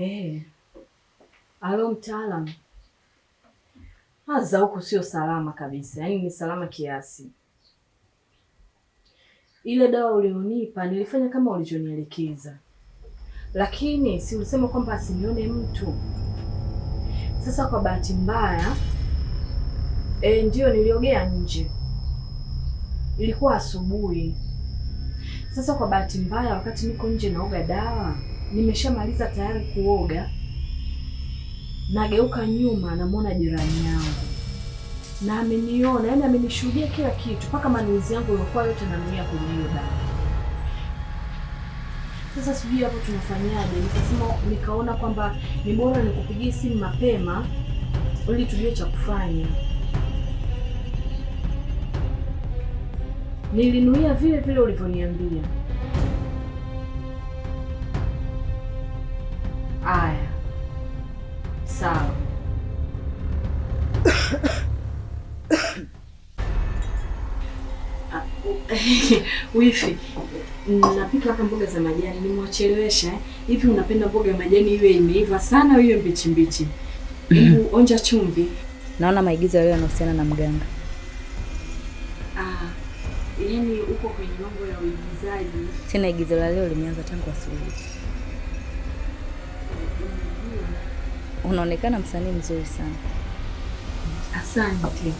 Eh, alo mtaalam aza huku sio salama kabisa, yaani ni salama kiasi. Ile dawa ulionipa nilifanya kama ulichonielekeza lakini si ulisema kwamba asinione mtu? Sasa kwa bahati mbaya e, eh, ndiyo niliogea nje, ilikuwa asubuhi. Sasa kwa bahati mbaya, wakati niko nje naoga dawa nimeshamaliza tayari kuoga, nageuka nyuma, namwona jirani yangu na ameniona, yani amenishuhudia kila kitu, mpaka manuizi yangu yalikuwa yote nanuia kwenye hiyo baa. Sasa sijui hapo tunafanyaje? Nikasema, nikaona kwamba ni bora nikupigie simu mapema ili tujue cha kufanya. Nilinuia vile vile ulivyoniambia. Ah, oh, wifi, napika hapa mboga za majani, nimewachelewesha eh? hivi eh? Unapenda mboga ya majani iwe imeiva sana au iwe mbichi mbichi? Hebu onja chumvi. Naona maigizo yale yanahusiana na mganga. Ah, yani uko kwenye mambo ya uigizaji tena. Igizo la leo limeanza tangu asubuhi. Mm, mm. Unaonekana msanii mzuri sana. Asante,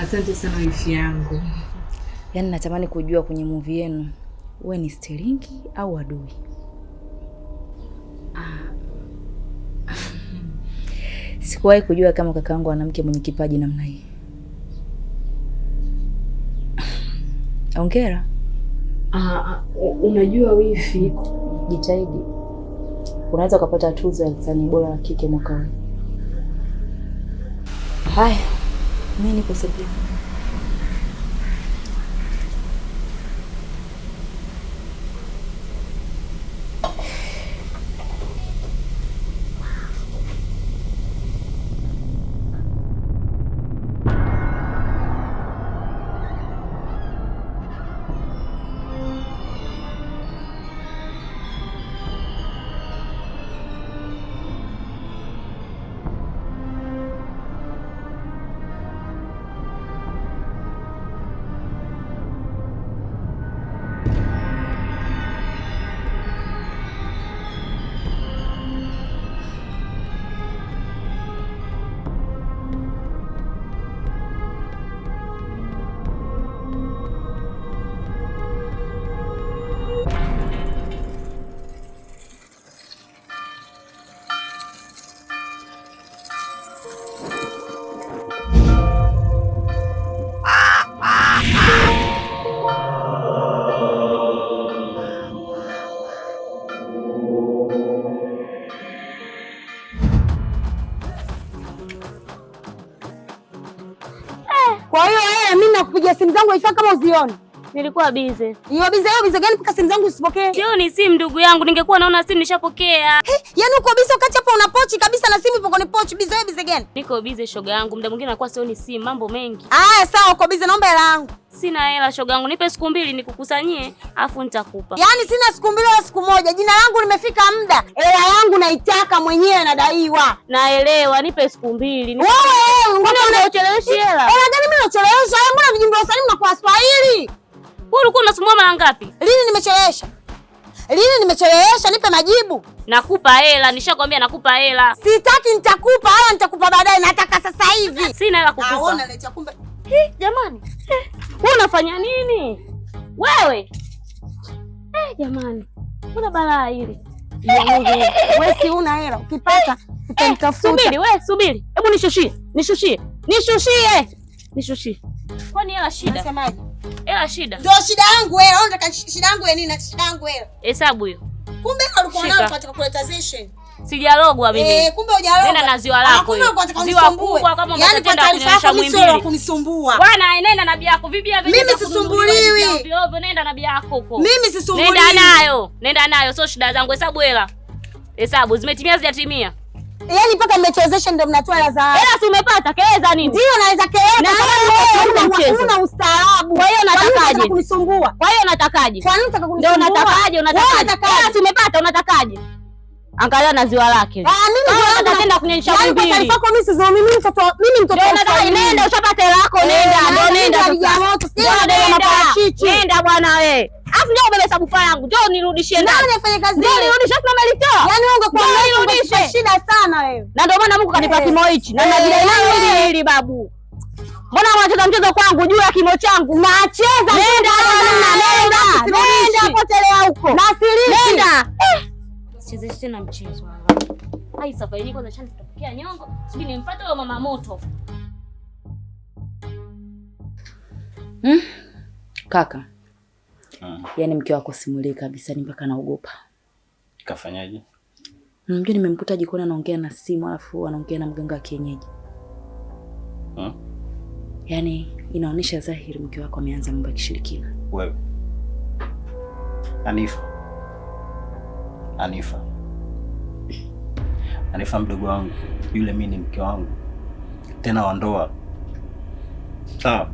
asante sana wifi yangu. Yaani natamani kujua kwenye muvi yenu uwe ni Stilingi au Adui? Ah. Sikuwahi kujua kama kaka ana mke mwenye kipaji namna hii. Ongera. Ah, ah, unajua wifi, jitahidi, unaweza ukapata tuzo ya msanii bora wa kike mwaka huu. Haya, mimi niko sebleni. kupiga simu zangu ifa kama uzione. Nilikuwa bize. Hiyo bize, hiyo bize gani mpaka simu zangu usipokee? Sio ni simu ndugu yangu, ningekuwa naona simu nishapokea. Hey, yani uko bize wakati hapo una pochi kabisa na simu ipo kwenye pochi. Bize, bize gani? Niko bize shoga yangu, muda mwingine nakuwa sioni simu, mambo mengi. Aya, sawa uko bize, naomba hela yangu. Sina hela shoga yangu, nipe siku mbili nikukusanyie, afu nitakupa. Yaani sina siku mbili wala siku moja. Jina langu limefika muda. Hela yangu naitaka mwenyewe, nadaiwa. Naelewa, nipe siku mbili. Wewe nachelewesha mbona vijimbo salimu na Swahili? Wewe ulikuwa unasumbua mara ngapi? Lini nimechelewesha? Lini nimechelewesha? Nipe majibu. Nakupa hela, nishakwambia nakupa hela. Sitaki, nitakupa hela, nitakupa baadaye, nataka sasa hivi. Sina hela kukupa. Naona leta kumbe. Hii jamani. Wewe unafanya nini? Wewe. Eh, jamani. Una balaa hili. Wewe si una hela, ukipata utanitafuta. Subiri, wewe subiri. Hebu nishushie. Nishushie, nishushie, nishushie. Kwani hela shida? Nasemaje? Hela shida. Ndio shida yangu wewe. Unataka shida yangu nini na shida yangu wewe? Hesabu hiyo. Kumbe ulikuwa nao katika colonization. Sijalogwa mimi. Eh, kumbe hujalogwa. Nenda na ziwa lako. Ziwa kubwa kama kunisumbua. Yaani kwa taarifa yako mimi sio kunisumbua. Bwana, eh, nenda na bibi yako. Bibi yako. Mimi sisumbuliwi. Ovyo nenda na bibi yako huko. Mimi sisumbuliwi. Nenda nayo. Nenda nayo, sio shida zangu. Hesabu hela. Hesabu zimetimia, zijatimia? Yaani mpaka mmechezesha ndio mnatoa hela za hela tumepata keleza nini? Ndio naweza keleza. Una mchezo. Una ustaarabu. Kwa hiyo unatakaje? Kunisumbua. Kwa hiyo unatakaje? Kwa nini unataka kunisumbua? Ndio unatakaje? Unataka. Hela tumepata unatakaje? Angalia na ziwa lake. Ah, mimi ndio naenda nataka kunyonyesha bibi. Yaani kwa kwako mimi sizao mimi mtoto mimi mtoto. Ndio nataka nenda ushapata hela yako eh, nenda. Ndio nenda. Nenda bwana wewe. Alafu ndio umebeba bufa yangu. Njoo nirudishie ndani. Nani afanye kazi hiyo? Njoo nirudishie kama nilitoa. Yaani wewe ungekuwa unirudishie. Shida sana wewe. Na ndio maana Mungu kanipa eh. kimo hichi. Na eh. majira yangu hili hili babu. Mbona unacheza mchezo kwangu juu ya kimo changu? Nacheza nenda nenda nenda. Nenda potelea huko. Na siri. Nenda. Eh. Sicheze tena mchezo. Hai safari niko na chance tutapokea nyongo. Sijui nimpate huyo mama moto. Hmm? Kaka. Mm. Yaani mke wako simulii kabisa, ni mpaka naogopa. Kafanyaje? Mjua nimemkuta jikoni anaongea na simu alafu anaongea na mganga wa kienyeji. Mm. Yaani inaonyesha dhahiri mke wako ameanza mambo ya kishirikina. Wewe. Anifa. Anifa. Anifa, mdogo wangu, yule mimi ni mke wangu. Tena wa ndoa. Sawa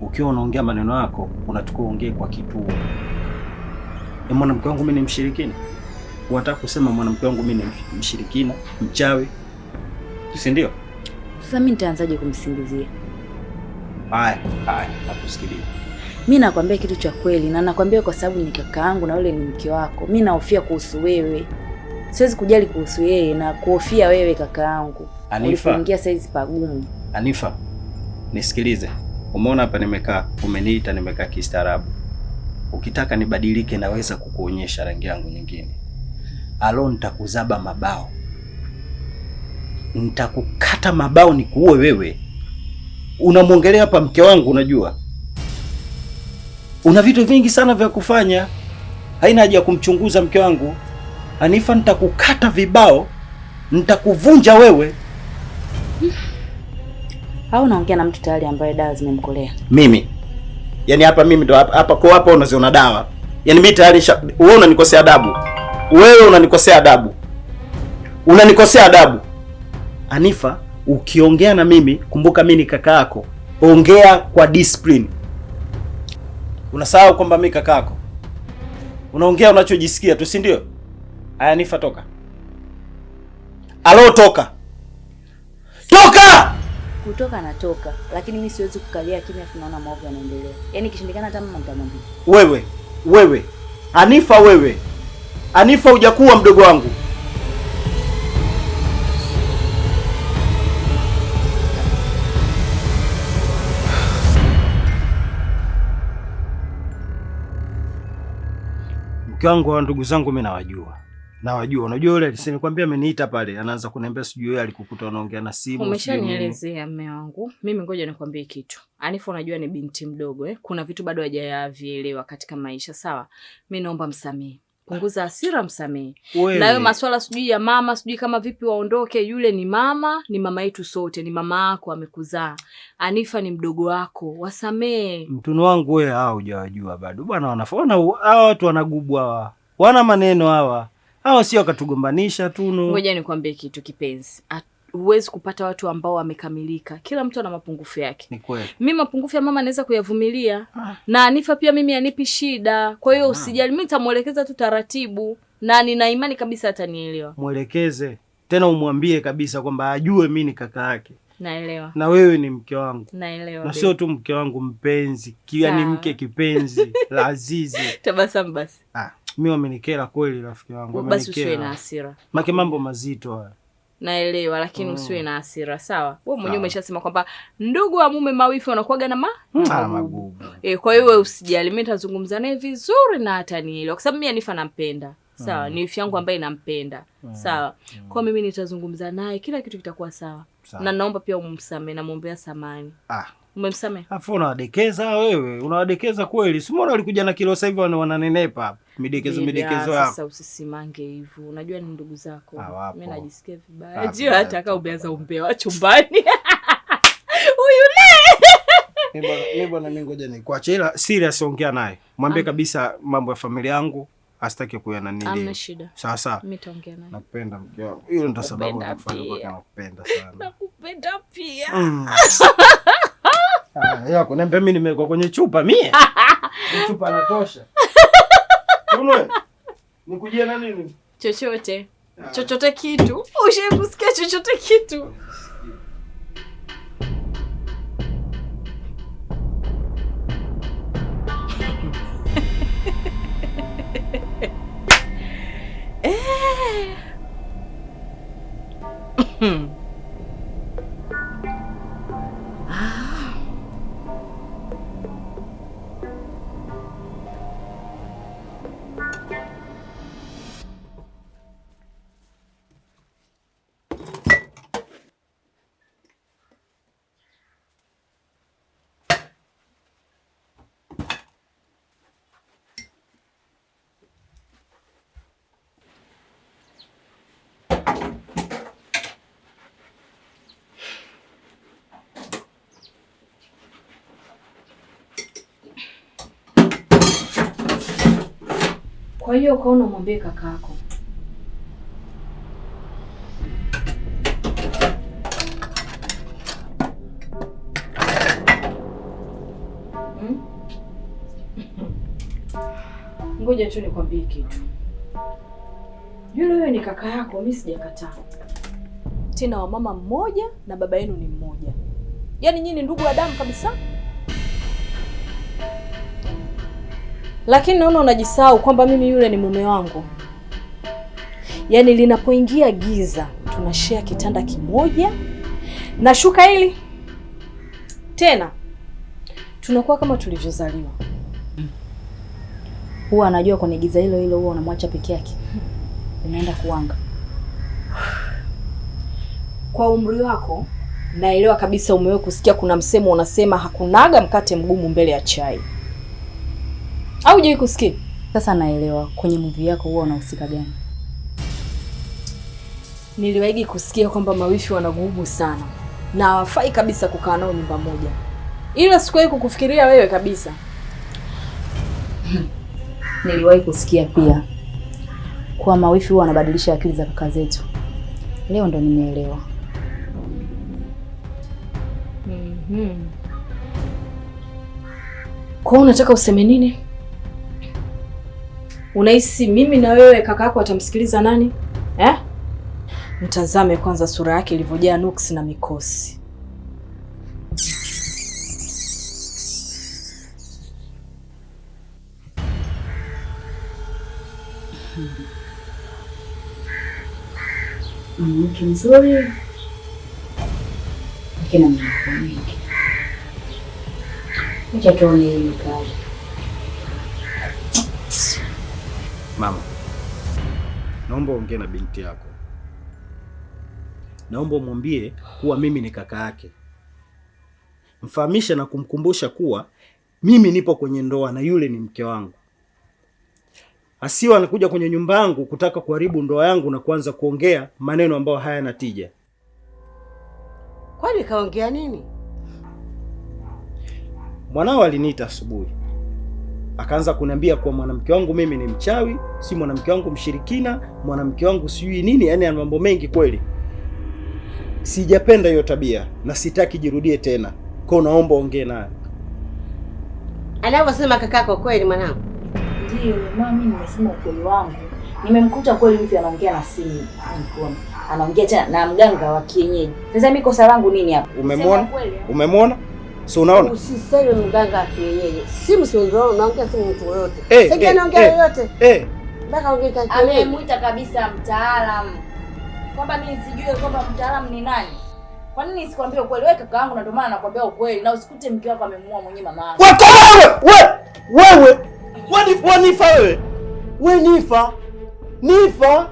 ukiwa unaongea maneno yako unatakiwa uongee kwa kituo. E, mwanamke wangu mimi ni mshirikina? Unataka kusema mwanamke wangu mimi ni mshirikina, mchawi, si ndio? Sasa mimi nitaanzaje kumsingizia? Haya, haya, nakusikiliza. Mimi nakwambia kitu cha kweli na nakwambia kwa sababu ni kaka yangu na yule ni mke wako. Mimi nahofia kuhusu wewe. Siwezi kujali kuhusu yeye na kuhofia wewe kaka yangu. Anifa. saizi pagumu. Anifa. Nisikilize. Umeona hapa nimekaa, umeniita, nimekaa kistaarabu. Ukitaka nibadilike, naweza kukuonyesha rangi yangu nyingine. Alo, nitakuzaba mabao, nitakukata mabao, nikuue wewe. Unamwongelea hapa mke wangu, unajua una vitu vingi sana vya kufanya, haina haja ya kumchunguza mke wangu. Hanifa, nitakukata vibao, nitakuvunja wewe au unaongea na mtu tayari ambaye dawa zimemkolea? Mimi yaani hapa mimi ndo hapa kwa hapa unaziona dawa yaani mimi tayari wewe unanikosea adabu, wewe unanikosea adabu, unanikosea adabu Anifa. Ukiongea na mimi kumbuka, mimi ni kaka yako, ongea kwa discipline. Unasahau kwamba mimi kaka yako, unaongea unachojisikia tu, si ndio? Aya, Anifa, toka! Alo, toka, toka! kutoka anatoka, lakini mimi siwezi kukalia kimya. Tunaona maovu yanaendelea, yaani kishindikana hata mama nitamwambia. Wewe wewe Anifa, wewe Anifa, hujakuwa mdogo wangu. Mke wangu wa ndugu zangu mimi nawajua na wajua, unajua yule alisinikwambia ameniita pale, anaanza kuniambia sijui yeye alikukuta unaongea na simu. Umeshanielezea mume wangu. Mimi ngoja nikwambie kitu. Anifa, unajua ni binti mdogo eh? Kuna vitu bado hajavielewa katika maisha, sawa? Mimi naomba msamehe. Punguza hasira, msamehe. Na hiyo maswala sijui ya mama, sijui kama vipi waondoke, yule ni mama, ni mama yetu sote, ni mama yako amekuzaa. Anifa ni mdogo wako, wasamehe. Mtunu wangu wewe, hao hujawajua bado. Bwana Wanafona hao watu wanagubwa hawa. Wana maneno hawa hawa sio katugombanisha Tunu. Ngoja nikwambie kitu kipenzi. Huwezi kupata watu ambao wamekamilika. Kila mtu ana mapungufu yake. Ni kweli. Mimi mapungufu ya mama naweza kuyavumilia. Ah. Na Anifa pia mimi anipi shida. Kwa hiyo ah. usijali, mimi nitamuelekeza tu taratibu na nina imani kabisa atanielewa. Mwelekeze. Tena umwambie kabisa kwamba ajue mimi ni kaka yake. Naelewa. Na wewe ni mke wangu. Naelewa. Na sio tu mke wangu mpenzi, kia ni mke kipenzi, la azizi. Tabasamu basi. Ah mi wamenikera kweli, rafiki yangu. Basi usiwe na hasira, make mambo mazito haya naelewa lakini, mm. usiwe na hasira sawa. Wewe mwenyewe umeshasema kwamba ndugu wa mume mawifi wanakuwaga na ma mm. ah, magugu e, kwa hiyo wewe usijali, mimi nitazungumza naye vizuri na atanielewa, kwa sababu mimi Anifa nampenda sawa, mm. ni wifi yangu ambaye nampenda mm. sawa. Mm. Kwa mimi nitazungumza naye, kila kitu kitakuwa sawa, sawa. na naomba pia umsamee, namwombea samani ah. Umemsamehe? Afu unawadekeza wewe, unawadekeza kweli. Si mbona walikuja na kilo sasa hivi wananenepa Midekezo midekezo yako. Sasa usisimange hivyo. Unajua ni ndugu zako. Ah, mimi najisikia vibaya. Ah, Jio hata kama umeanza umbewa chumbani. Huyu Mimi bwana, mimi ngoja nikuache, ila serious ongea naye, mwambie kabisa mambo ya familia yangu asitaki kuya nini. Sawa mimi naye. Nakupenda mke wangu, hiyo ndio sababu nakupenda sana. Nakupenda pia. Mm. yako. Naambia mimi nimewekwa kwenye chupa mie. Chupa natosha. Unwe. Nikujie na nini? Chochote. Ah. Chochote kitu. Ushe kusikia chochote kitu? Eh. Hmm. Kwa hiyo ukaona umwambie kakaako. Hmm? Ngoja hmm? tu nikwambie kitu. Yule huyo ni kaka yako, mimi sijakataa. Tena wa mama mmoja na baba yenu ni mmoja, yaani nyinyi ni ndugu wa damu kabisa. lakini naona unajisahau kwamba mimi yule ni mume wangu. Yaani linapoingia giza tunashare kitanda kimoja na shuka hili, tena tunakuwa kama tulivyozaliwa. Huwa anajua kwenye giza hilo hilo huwa unamwacha peke yake, unaenda kuanga. Kwa umri wako naelewa kabisa, umewe kusikia kuna msemo unasema hakunaga mkate mgumu mbele ya chai au hujui kusikia? Sasa naelewa kwenye movie yako huwa unahusika gani? niliwaigi kusikia kwamba mawifi wanagubu sana na hawafai kabisa kukaa nao nyumba moja, ila sikuwahi kukufikiria wewe kabisa. Niliwahi kusikia pia kwa mawifi huwa wanabadilisha akili za kaka zetu. Leo ndo nimeelewa. mm -hmm. Kwa unataka useme nini? Unahisi mimi na wewe kaka yako atamsikiliza nani eh? Mtazame kwanza sura yake ilivyojaa nuksi na mikosi. Hmm. Mwanamke mzuri lakini ana mambo mengi. Acha tuone hili kazi. Mama, naomba uongee na binti yako, naomba umwambie kuwa mimi ni kaka yake. mfahamisha na kumkumbusha kuwa mimi nipo kwenye ndoa na yule ni mke wangu. Asiwa anakuja kwenye nyumba yangu kutaka kuharibu ndoa yangu na kuanza kuongea maneno ambayo hayana tija. Kwani kaongea nini? Mwanao aliniita asubuhi akaanza kuniambia kuwa mwanamke wangu mimi ni mchawi, si mwanamke wangu mshirikina, mwanamke wangu sijui nini, yani ana mambo mengi kweli. Sijapenda hiyo tabia na sitaki jirudie tena, kwa naomba ongee naye. Anavyosema kakako kweli, mwanangu? Ndio mama, mimi nimesema ukweli wangu, nimemkuta kweli mtu anaongea na simu mkono, anaongea tena na mganga wa kienyeji. Sasa mimi kosa langu nini hapa? Umemwona, umemwona Si unaona? Usiseme mganga wa kienyeji. Simu si wewe unaongea simu mtu Eh, Hey, Sasa anaongea hey, yote. Eh. Hey. Eh, eh. Mpaka ongea kienyeji. Amemuita kabisa mtaalamu. Kwamba mimi sijui kwamba mtaalamu ni nani. Kwa nini sikwambia ukweli? Wewe kaka yangu na ndio maana nakwambia ukweli na usikute mke wako amemuua mwenye mama yako. Wewe wewe wewe wewe mm. nifa wewe. Wewe nifa. Nifa.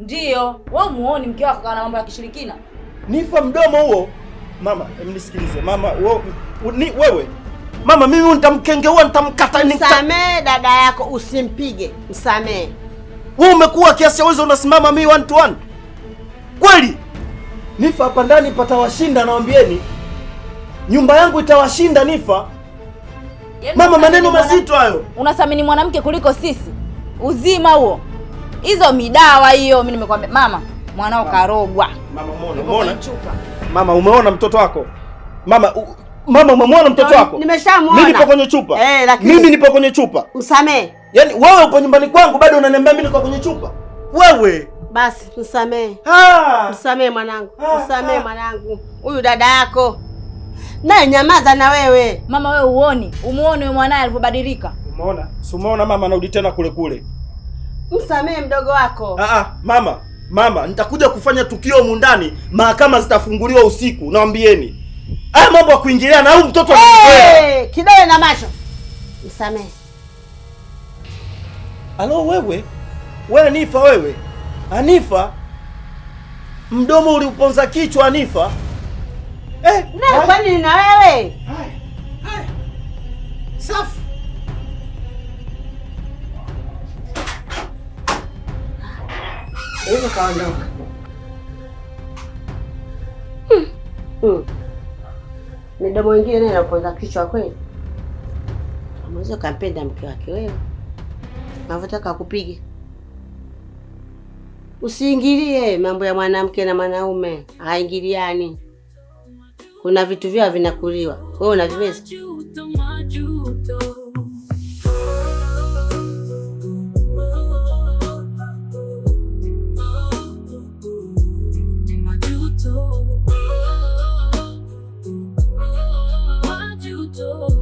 Ndio, wewe muone mke wako kana mambo ya kishirikina. Nifa mdomo huo. Mama, mnisikilize. Mama, wewe, ni wewe. Mama, mimi nitamkengeua, nitamkata, Msamee dada yako, usimpige. Msamee. Wewe umekuwa kiasi uwezo unasimama mimi one to one. Kweli? Nifa hapa ndani patawashinda, nawaambieni. Nyumba yangu itawashinda Nifa. Yaani mama, maneno mazito hayo. Unathamini mwanamke kuliko sisi. Uzima huo. Hizo midawa hiyo, mimi nimekwambia mama, mwanao karogwa. Mama, Mwana. Mwana. Mama, umeona mtoto wako? Mama, u... Mama, umemwona mtoto wako? Nimeshamwona. Mimi nipo kwenye chupa. Eh, lakini mimi nipo kwenye chupa. Msamee. Yaani wewe uko nyumbani kwangu bado unaniambia mimi niko kwenye chupa? Wewe. Basi msamee. Msamee mwanangu. Msamee mwanangu. Huyu dada yako. Naye nyamaza na wewe. Mama wewe uoni? Umuone wewe mwanae alivyobadilika. Umeona? Si umeona mama anarudi tena kule kule. Msamee mdogo wako. Ah ah, mama. Mama, nitakuja kufanya tukio mundani mahakama zitafunguliwa usiku, naambieni. Haya mambo ya kuingilia na huyu mtoto hey, kidole na macho. Msamehe. Alo wewe. Wewe Anifa wewe. Anifa. Mdomo uliuponza kichwa Anifa. Eh, na kwani na wewe? Hai. Hai. Safi. Unaweza kaondoka. Hmm. Hmm. Midomo ingine naye inaponza kichwa kweli. Unaweza kampenda mke wake wewe. navyotaka kupiga. Usiingilie mambo ya mwanamke na mwanaume, haingiliani. Kuna vitu vyao vinakuliwa, wewe unaviweza? do.